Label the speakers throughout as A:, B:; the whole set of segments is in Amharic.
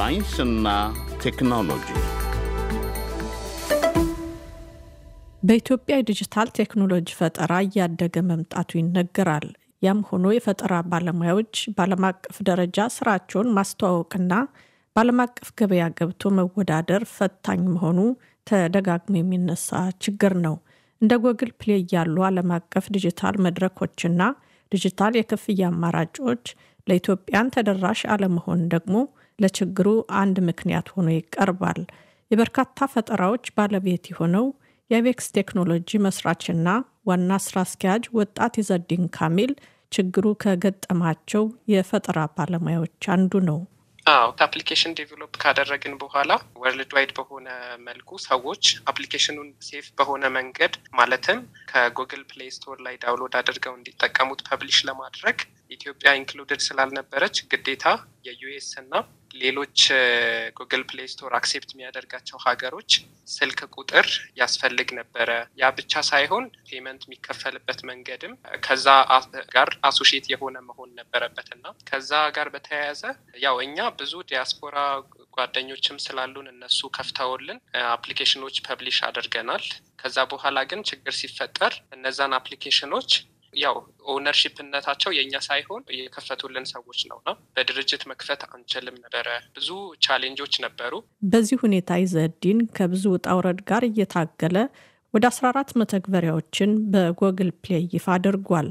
A: ሳይንስና ቴክኖሎጂ
B: በኢትዮጵያ የዲጂታል ቴክኖሎጂ ፈጠራ እያደገ መምጣቱ ይነገራል። ያም ሆኖ የፈጠራ ባለሙያዎች በዓለም አቀፍ ደረጃ ስራቸውን ማስተዋወቅና በዓለም አቀፍ ገበያ ገብቶ መወዳደር ፈታኝ መሆኑ ተደጋግሞ የሚነሳ ችግር ነው። እንደ ጎግል ፕሌይ ያሉ ዓለም አቀፍ ዲጂታል መድረኮችና ዲጂታል የክፍያ አማራጮች ለኢትዮጵያን ተደራሽ አለመሆን ደግሞ ለችግሩ አንድ ምክንያት ሆኖ ይቀርባል። የበርካታ ፈጠራዎች ባለቤት የሆነው የአቬክስ ቴክኖሎጂ መስራችና ዋና ስራ አስኪያጅ ወጣት የዘዲን ካሚል ችግሩ ከገጠማቸው የፈጠራ ባለሙያዎች አንዱ ነው።
C: አዎ ከአፕሊኬሽን ዴቨሎፕ ካደረግን በኋላ ወርልድ ዋይድ በሆነ መልኩ ሰዎች አፕሊኬሽኑን ሴፍ በሆነ መንገድ ማለትም ከጉግል ፕሌይ ስቶር ላይ ዳውንሎድ አድርገው እንዲጠቀሙት ፐብሊሽ ለማድረግ ኢትዮጵያ ኢንክሉድድ ስላልነበረች ግዴታ የዩኤስ እና ሌሎች ጉግል ፕሌይ ስቶር አክሴፕት የሚያደርጋቸው ሀገሮች ስልክ ቁጥር ያስፈልግ ነበረ። ያ ብቻ ሳይሆን ፔመንት የሚከፈልበት መንገድም ከዛ ጋር አሶሽት የሆነ መሆን ነበረበት እና ከዛ ጋር በተያያዘ ያው እኛ ብዙ ዲያስፖራ ጓደኞችም ስላሉን እነሱ ከፍተውልን አፕሊኬሽኖች ፐብሊሽ አድርገናል። ከዛ በኋላ ግን ችግር ሲፈጠር እነዛን አፕሊኬሽኖች ያው ኦነርሽፕነታቸው የእኛ ሳይሆን የከፈቱልን ሰዎች ነው ነው በድርጅት መክፈት አንችልም ነበረ። ብዙ ቻሌንጆች ነበሩ።
B: በዚህ ሁኔታ ይዘዲን ከብዙ ውጣ ውረድ ጋር እየታገለ ወደ 14 መተግበሪያዎችን በጎግል ፕሌይ ይፋ አድርጓል።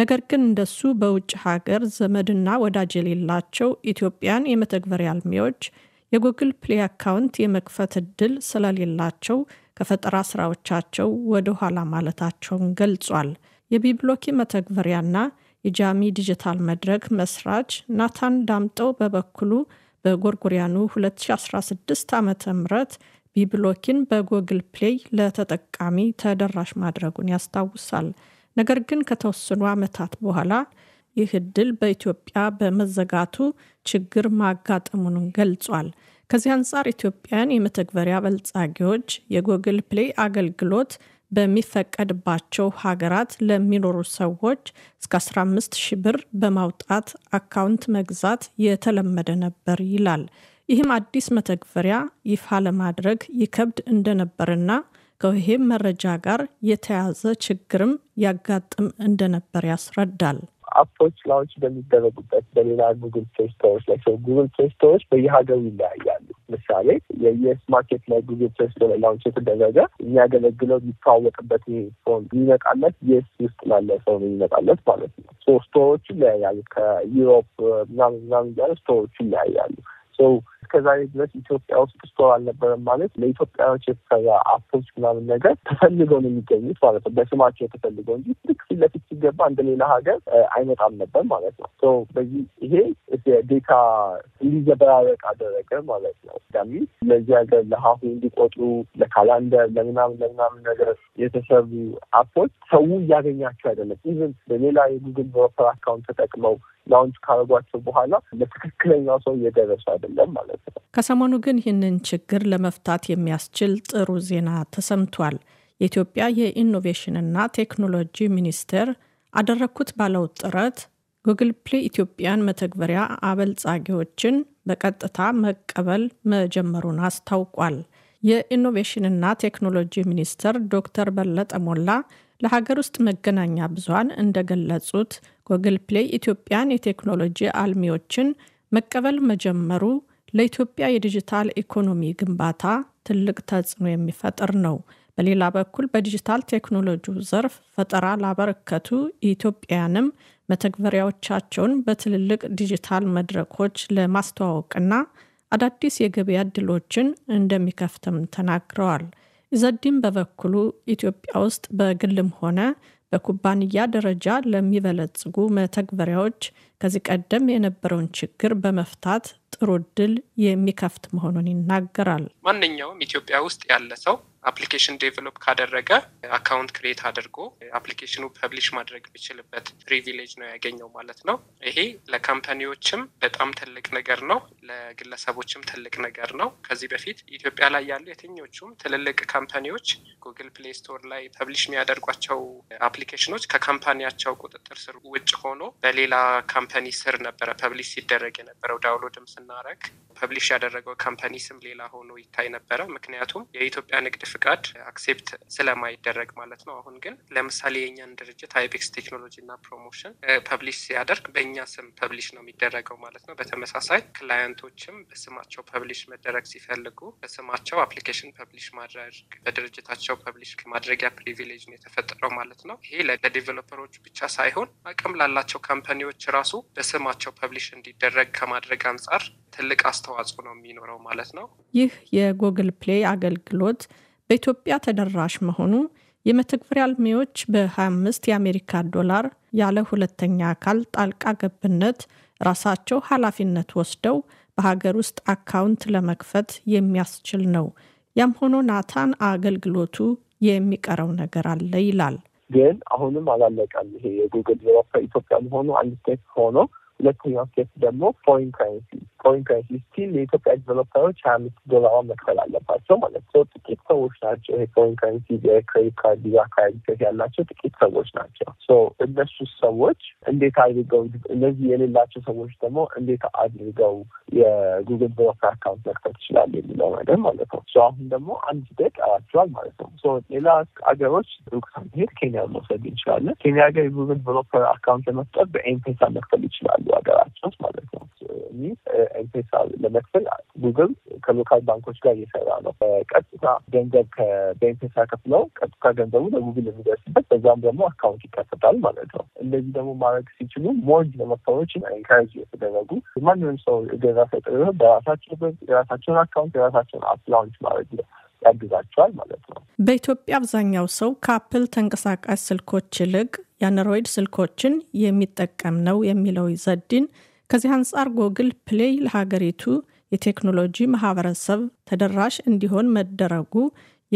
B: ነገር ግን እንደሱ በውጭ ሀገር ዘመድና ወዳጅ የሌላቸው ኢትዮጵያን የመተግበሪያ አልሚዎች የጉግል ፕሌይ አካውንት የመክፈት እድል ስለሌላቸው ከፈጠራ ስራዎቻቸው ወደ ኋላ ማለታቸውን ገልጿል። የቢብሎኪ መተግበሪያና የጃሚ ዲጂታል መድረክ መስራች ናታን ዳምጠው በበኩሉ በጎርጎሪያኑ 2016 ዓ ም ቢብሎኪን በጎግል ፕሌይ ለተጠቃሚ ተደራሽ ማድረጉን ያስታውሳል። ነገር ግን ከተወሰኑ ዓመታት በኋላ ይህ ዕድል በኢትዮጵያ በመዘጋቱ ችግር ማጋጠሙን ገልጿል። ከዚህ አንጻር ኢትዮጵያን የመተግበሪያ በልጻጊዎች የጎግል ፕሌይ አገልግሎት በሚፈቀድባቸው ሀገራት ለሚኖሩ ሰዎች እስከ 15 ሺ ብር በማውጣት አካውንት መግዛት የተለመደ ነበር ይላል። ይህም አዲስ መተግበሪያ ይፋ ለማድረግ ይከብድ እንደነበርና ከውሄም መረጃ ጋር የተያዘ ችግርም ያጋጥም እንደነበር ያስረዳል።
A: አፖች ላውንች በሚደረጉበት በሌላ ጉግል ፕሌይ ላይ ሰው ጉግል ፕሌይ በየሀገሩ ይለያያሉ። ምሳሌ የዩኤስ ማርኬት ላይ ጉግል ፕሌስቶ ላይ ላውንች የተደረገ የሚያገለግለው የሚተዋወቅበት ፎን የሚመጣለት ዩኤስ ውስጥ ላለ ሰው ነው የሚመጣለት ማለት ነው። ስቶሮቹ ይለያያሉ። ከዩሮፕ ምናምን ምናምን እያለ ስቶሮቹ ይለያያሉ። እስከዛሬ ድረስ ኢትዮጵያ ውስጥ ስቶር አልነበረም ማለት ለኢትዮጵያኖች የተሰራ አፕሮች ምናምን ነገር ተፈልገው ነው የሚገኙት ማለት ነው። በስማቸው የተፈልገው እንጂ ልክ ፊት ለፊት ሲገባ እንደ ሌላ ሀገር አይመጣም ነበር ማለት ነው። በዚህ ይሄ ዴታ እንዲዘበራረቅ አደረገ ማለት ነው። ዳሚ ለዚህ ሀገር ለሀሁ እንዲቆጡ ለካላንደር ለምናምን ለምናምን ነገር የተሰሩ አፖች ሰው እያገኛቸው አይደለም። ኢቨን በሌላ የጉግል ቨርፐር አካውንት ተጠቅመው ላውንች ካረጓቸው በኋላ ለትክክለኛው ሰው እየደረሰ አይደለም ማለት
B: ነው። ከሰሞኑ ግን ይህንን ችግር ለመፍታት የሚያስችል ጥሩ ዜና ተሰምቷል። የኢትዮጵያ የኢኖቬሽንና ቴክኖሎጂ ሚኒስቴር አደረግኩት ባለው ጥረት ጉግል ፕሌይ ኢትዮጵያን መተግበሪያ አበልጻጊዎችን በቀጥታ መቀበል መጀመሩን አስታውቋል። የኢኖቬሽንና ቴክኖሎጂ ሚኒስትር ዶክተር በለጠ ሞላ ለሀገር ውስጥ መገናኛ ብዙሀን እንደገለጹት ጎግል ፕሌይ ኢትዮጵያን የቴክኖሎጂ አልሚዎችን መቀበል መጀመሩ ለኢትዮጵያ የዲጂታል ኢኮኖሚ ግንባታ ትልቅ ተጽዕኖ የሚፈጥር ነው። በሌላ በኩል በዲጂታል ቴክኖሎጂው ዘርፍ ፈጠራ ላበረከቱ ኢትዮጵያንም መተግበሪያዎቻቸውን በትልልቅ ዲጂታል መድረኮች ለማስተዋወቅና አዳዲስ የገበያ እድሎችን እንደሚከፍትም ተናግረዋል። ዘዲም በበኩሉ ኢትዮጵያ ውስጥ በግልም ሆነ በኩባንያ ደረጃ ለሚበለጽጉ መተግበሪያዎች ከዚህ ቀደም የነበረውን ችግር በመፍታት ጥሩ እድል የሚከፍት መሆኑን ይናገራል።
C: ማንኛውም ኢትዮጵያ ውስጥ ያለ ሰው አፕሊኬሽን ዴቨሎፕ ካደረገ አካውንት ክሬት አድርጎ አፕሊኬሽኑ ፐብሊሽ ማድረግ የሚችልበት ፕሪቪሌጅ ነው ያገኘው ማለት ነው። ይሄ ለካምፓኒዎችም በጣም ትልቅ ነገር ነው፣ ለግለሰቦችም ትልቅ ነገር ነው። ከዚህ በፊት ኢትዮጵያ ላይ ያሉ የትኞቹም ትልልቅ ካምፓኒዎች ጉግል ፕሌይ ስቶር ላይ ፐብሊሽ የሚያደርጓቸው አፕሊኬሽኖች ከካምፓኒያቸው ቁጥጥር ስር ውጭ ሆኖ በሌላ ካምፓኒ ተኒ ስር ነበረ ፐብሊሽ ሲደረግ የነበረው ዳውንሎድም ስናረግ ፐብሊሽ ያደረገው ካምፓኒ ስም ሌላ ሆኖ ይታይ ነበረ። ምክንያቱም የኢትዮጵያ ንግድ ፍቃድ አክሴፕት ስለማይደረግ ማለት ነው። አሁን ግን ለምሳሌ የእኛን ድርጅት አይቤክስ ቴክኖሎጂ እና ፕሮሞሽን ፐብሊሽ ሲያደርግ በእኛ ስም ፐብሊሽ ነው የሚደረገው ማለት ነው። በተመሳሳይ ክላየንቶችም በስማቸው ፐብሊሽ መደረግ ሲፈልጉ በስማቸው አፕሊኬሽን ፐብሊሽ ማድረግ በድርጅታቸው ፐብሊሽ ማድረጊያ ፕሪቪሌጅ ነው የተፈጠረው ማለት ነው። ይሄ ለዴቨሎፐሮች ብቻ ሳይሆን አቅም ላላቸው ካምፓኒዎች ራሱ በስማቸው ፐብሊሽ እንዲደረግ ከማድረግ አንጻር ትልቅ አስ አስተዋጽኦ ነው የሚኖረው ማለት ነው።
B: ይህ የጎግል ፕሌይ አገልግሎት በኢትዮጵያ ተደራሽ መሆኑ የመተግበሪያ አልሚዎች በ25 የአሜሪካ ዶላር ያለ ሁለተኛ አካል ጣልቃ ገብነት ራሳቸው ኃላፊነት ወስደው በሀገር ውስጥ አካውንት ለመክፈት የሚያስችል ነው። ያም ሆኖ ናታን አገልግሎቱ የሚቀረው ነገር አለ ይላል።
A: ግን አሁንም አላለቀም። ይሄ የጉግል ኢትዮጵያ መሆኑ አንድ ስቴፕ ሆኖ፣ ሁለተኛው ስቴፕ ደግሞ ፎሪን ከረንሲ ፎሪን ከረንሲ ስቲል የኢትዮጵያ ዲቨሎፐሮች ሀያ አምስት ዶላሯን መክፈል አለባቸው ማለት ነው። ጥቂት ሰዎች ናቸው ይሄ ፎሪን ከረንሲ የክሬዲት ካርድ ይዞ አካባቢ ያላቸው ጥቂት ሰዎች ናቸው። እነሱ ሰዎች እንዴት አድርገው እነዚህ የሌላቸው ሰዎች ደግሞ እንዴት አድርገው የጉግል ዲቨሎፐር አካውንት መክፈት ይችላል የሚለው ነገር ማለት ነው። አሁን ደግሞ አንድ ደቅ አላቸዋል ማለት ነው። ሌላ አገሮች ሩቅ ሳንሄድ ኬንያ መውሰድ እንችላለን። ኬንያ ሀገር የጉግል ዲቨሎፐር አካውንት ለመፍጠር በኤምፔሳ መክፈል ይችላሉ ሀገራቸው ማለት ነው። ሊዝ ኤምፔሳ ለመክፈል ጉግል ከሎካል ባንኮች ጋር እየሰራ ነው። ቀጥታ ገንዘብ በኤምፔሳ ከፍለው ቀጥታ ገንዘቡ ለጉግል የሚደርስበት በዛም ደግሞ አካውንት ይከፈታል ማለት ነው። እንደዚህ ደግሞ ማድረግ ሲችሉ ሞርጅ ለመፈሮች ኤንካሬጅ የተደረጉ ማንም ሰው ገዛ ፈጥር በራሳቸው የራሳቸውን አካውንት የራሳቸውን አፕ ላውንች ማድረግ ነው ያግዛቸዋል ማለት ነው።
B: በኢትዮጵያ አብዛኛው ሰው ከአፕል ተንቀሳቃሽ ስልኮች ይልቅ የአንድሮይድ ስልኮችን የሚጠቀም ነው የሚለው ዘዲን ከዚህ አንጻር ጎግል ፕሌይ ለሀገሪቱ የቴክኖሎጂ ማህበረሰብ ተደራሽ እንዲሆን መደረጉ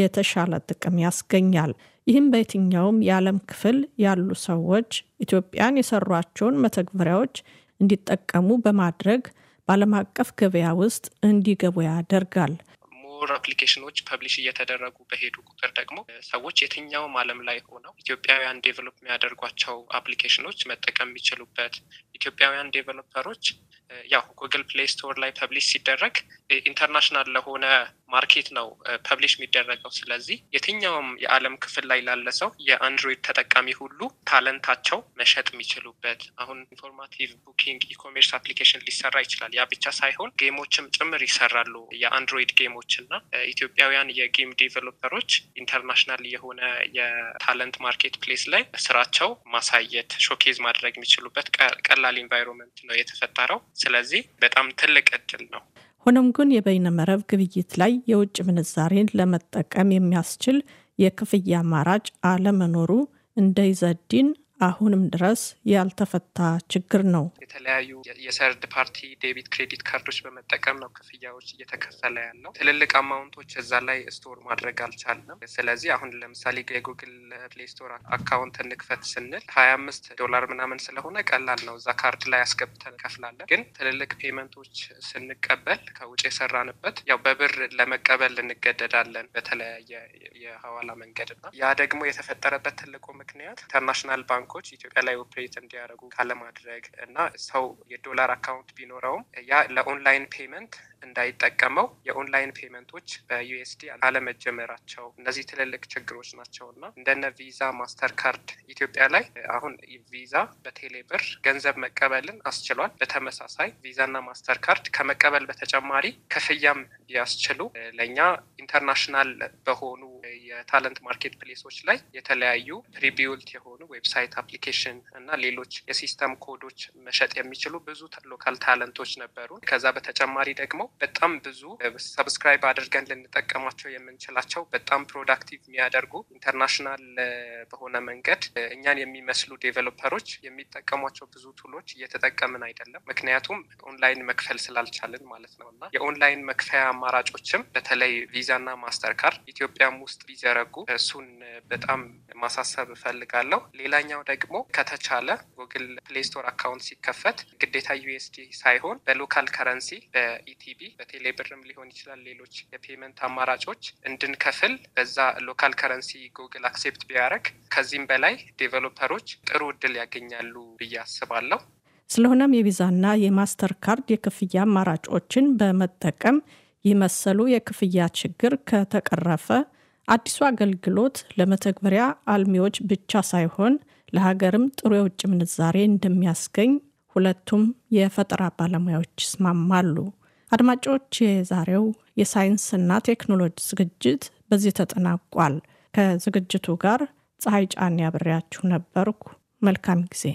B: የተሻለ ጥቅም ያስገኛል። ይህም በየትኛውም የዓለም ክፍል ያሉ ሰዎች ኢትዮጵያን የሰሯቸውን መተግበሪያዎች እንዲጠቀሙ በማድረግ በዓለም አቀፍ ገበያ ውስጥ እንዲገቡ ያደርጋል።
C: ሞር አፕሊኬሽኖች ፐብሊሽ እየተደረጉ በሄዱ ቁጥር ደግሞ ሰዎች የትኛውም ዓለም ላይ ሆነው ኢትዮጵያውያን ዴቨሎፕ የሚያደርጓቸው አፕሊኬሽኖች መጠቀም የሚችሉበት ኢትዮጵያውያን ዴቨሎፐሮች ያው ጉግል ፕሌይ ስቶር ላይ ፐብሊሽ ሲደረግ ኢንተርናሽናል ለሆነ ማርኬት ነው ፐብሊሽ የሚደረገው። ስለዚህ የትኛውም የዓለም ክፍል ላይ ላለ ሰው የአንድሮይድ ተጠቃሚ ሁሉ ታለንታቸው መሸጥ የሚችሉበት አሁን ኢንፎርማቲቭ ቡኪንግ ኢኮሜርስ አፕሊኬሽን ሊሰራ ይችላል። ያ ብቻ ሳይሆን ጌሞችም ጭምር ይሰራሉ የአንድሮይድ ጌሞች እና ኢትዮጵያውያን የጌም ዴቨሎፐሮች ኢንተርናሽናል የሆነ የታለንት ማርኬት ፕሌስ ላይ ስራቸው ማሳየት ሾኬዝ ማድረግ የሚችሉበት ቀላል ኢንቫይሮንመንት ነው የተፈጠረው። ስለዚህ በጣም ትልቅ እድል ነው።
B: ሆኖም ግን የበይነ መረብ ግብይት ላይ የውጭ ምንዛሬን ለመጠቀም የሚያስችል የክፍያ አማራጭ አለመኖሩ እንደ አሁንም ድረስ ያልተፈታ ችግር ነው።
C: የተለያዩ የሰርድ ፓርቲ ዴቢት ክሬዲት ካርዶች በመጠቀም ነው ክፍያዎች እየተከፈለ ያለው። ትልልቅ አማውንቶች እዛ ላይ ስቶር ማድረግ አልቻለም። ስለዚህ አሁን ለምሳሌ የጉግል ፕሌይ ስቶር አካውንት እንክፈት ስንል ሀያ አምስት ዶላር ምናምን ስለሆነ ቀላል ነው። እዛ ካርድ ላይ አስገብተን እንከፍላለን። ግን ትልልቅ ፔመንቶች ስንቀበል ከውጭ የሰራንበት ያው በብር ለመቀበል እንገደዳለን በተለያየ የሀዋላ መንገድ እና ያ ደግሞ የተፈጠረበት ትልቁ ምክንያት ኢንተርናሽናል ባንክ ባንኮች ኢትዮጵያ ላይ ኦፕሬት እንዲያደርጉ ካለማድረግ እና ሰው የዶላር አካውንት ቢኖረውም ያ ለኦንላይን ፔመንት እንዳይጠቀመው የኦንላይን ፔመንቶች በዩኤስዲ አለመጀመራቸው እነዚህ ትልልቅ ችግሮች ናቸው እና እንደነ ቪዛ፣ ማስተር ካርድ ኢትዮጵያ ላይ አሁን ቪዛ በቴሌብር ገንዘብ መቀበልን አስችሏል። በተመሳሳይ ቪዛና ማስተር ካርድ ከመቀበል በተጨማሪ ክፍያም ቢያስችሉ ለእኛ ኢንተርናሽናል በሆኑ የታለንት ማርኬት ፕሌሶች ላይ የተለያዩ ፕሪቢውልት የሆኑ ዌብሳይት፣ አፕሊኬሽን እና ሌሎች የሲስተም ኮዶች መሸጥ የሚችሉ ብዙ ሎካል ታለንቶች ነበሩ። ከዛ በተጨማሪ ደግሞ በጣም ብዙ ሰብስክራይብ አድርገን ልንጠቀማቸው የምንችላቸው በጣም ፕሮዳክቲቭ የሚያደርጉ ኢንተርናሽናል በሆነ መንገድ እኛን የሚመስሉ ዴቨሎፐሮች የሚጠቀሟቸው ብዙ ቱሎች እየተጠቀምን አይደለም። ምክንያቱም ኦንላይን መክፈል ስላልቻልን ማለት ነው እና የኦንላይን መክፈያ አማራጮችም በተለይ ቪዛና ማስተርካርድ ኢትዮጵያም ውስጥ ውስጥ ቢዘረጉ እሱን በጣም ማሳሰብ እፈልጋለሁ። ሌላኛው ደግሞ ከተቻለ ጉግል ፕሌስቶር አካውንት ሲከፈት ግዴታ ዩኤስዲ ሳይሆን በሎካል ከረንሲ በኢቲቢ በቴሌብርም ሊሆን ይችላል፣ ሌሎች የፔመንት አማራጮች እንድንከፍል በዛ ሎካል ከረንሲ ጉግል አክሴፕት ቢያደርግ ከዚህም በላይ ዴቨሎፐሮች ጥሩ እድል ያገኛሉ ብዬ አስባለሁ።
B: ስለሆነም የቪዛና የማስተር ካርድ የክፍያ አማራጮችን በመጠቀም ይመሰሉ የክፍያ ችግር ከተቀረፈ አዲሱ አገልግሎት ለመተግበሪያ አልሚዎች ብቻ ሳይሆን ለሀገርም ጥሩ የውጭ ምንዛሬ እንደሚያስገኝ ሁለቱም የፈጠራ ባለሙያዎች ይስማማሉ። አድማጮች፣ የዛሬው የሳይንስና ቴክኖሎጂ ዝግጅት በዚህ ተጠናቋል። ከዝግጅቱ ጋር ፀሐይ ጫን ያብሬያችሁ ነበርኩ። መልካም ጊዜ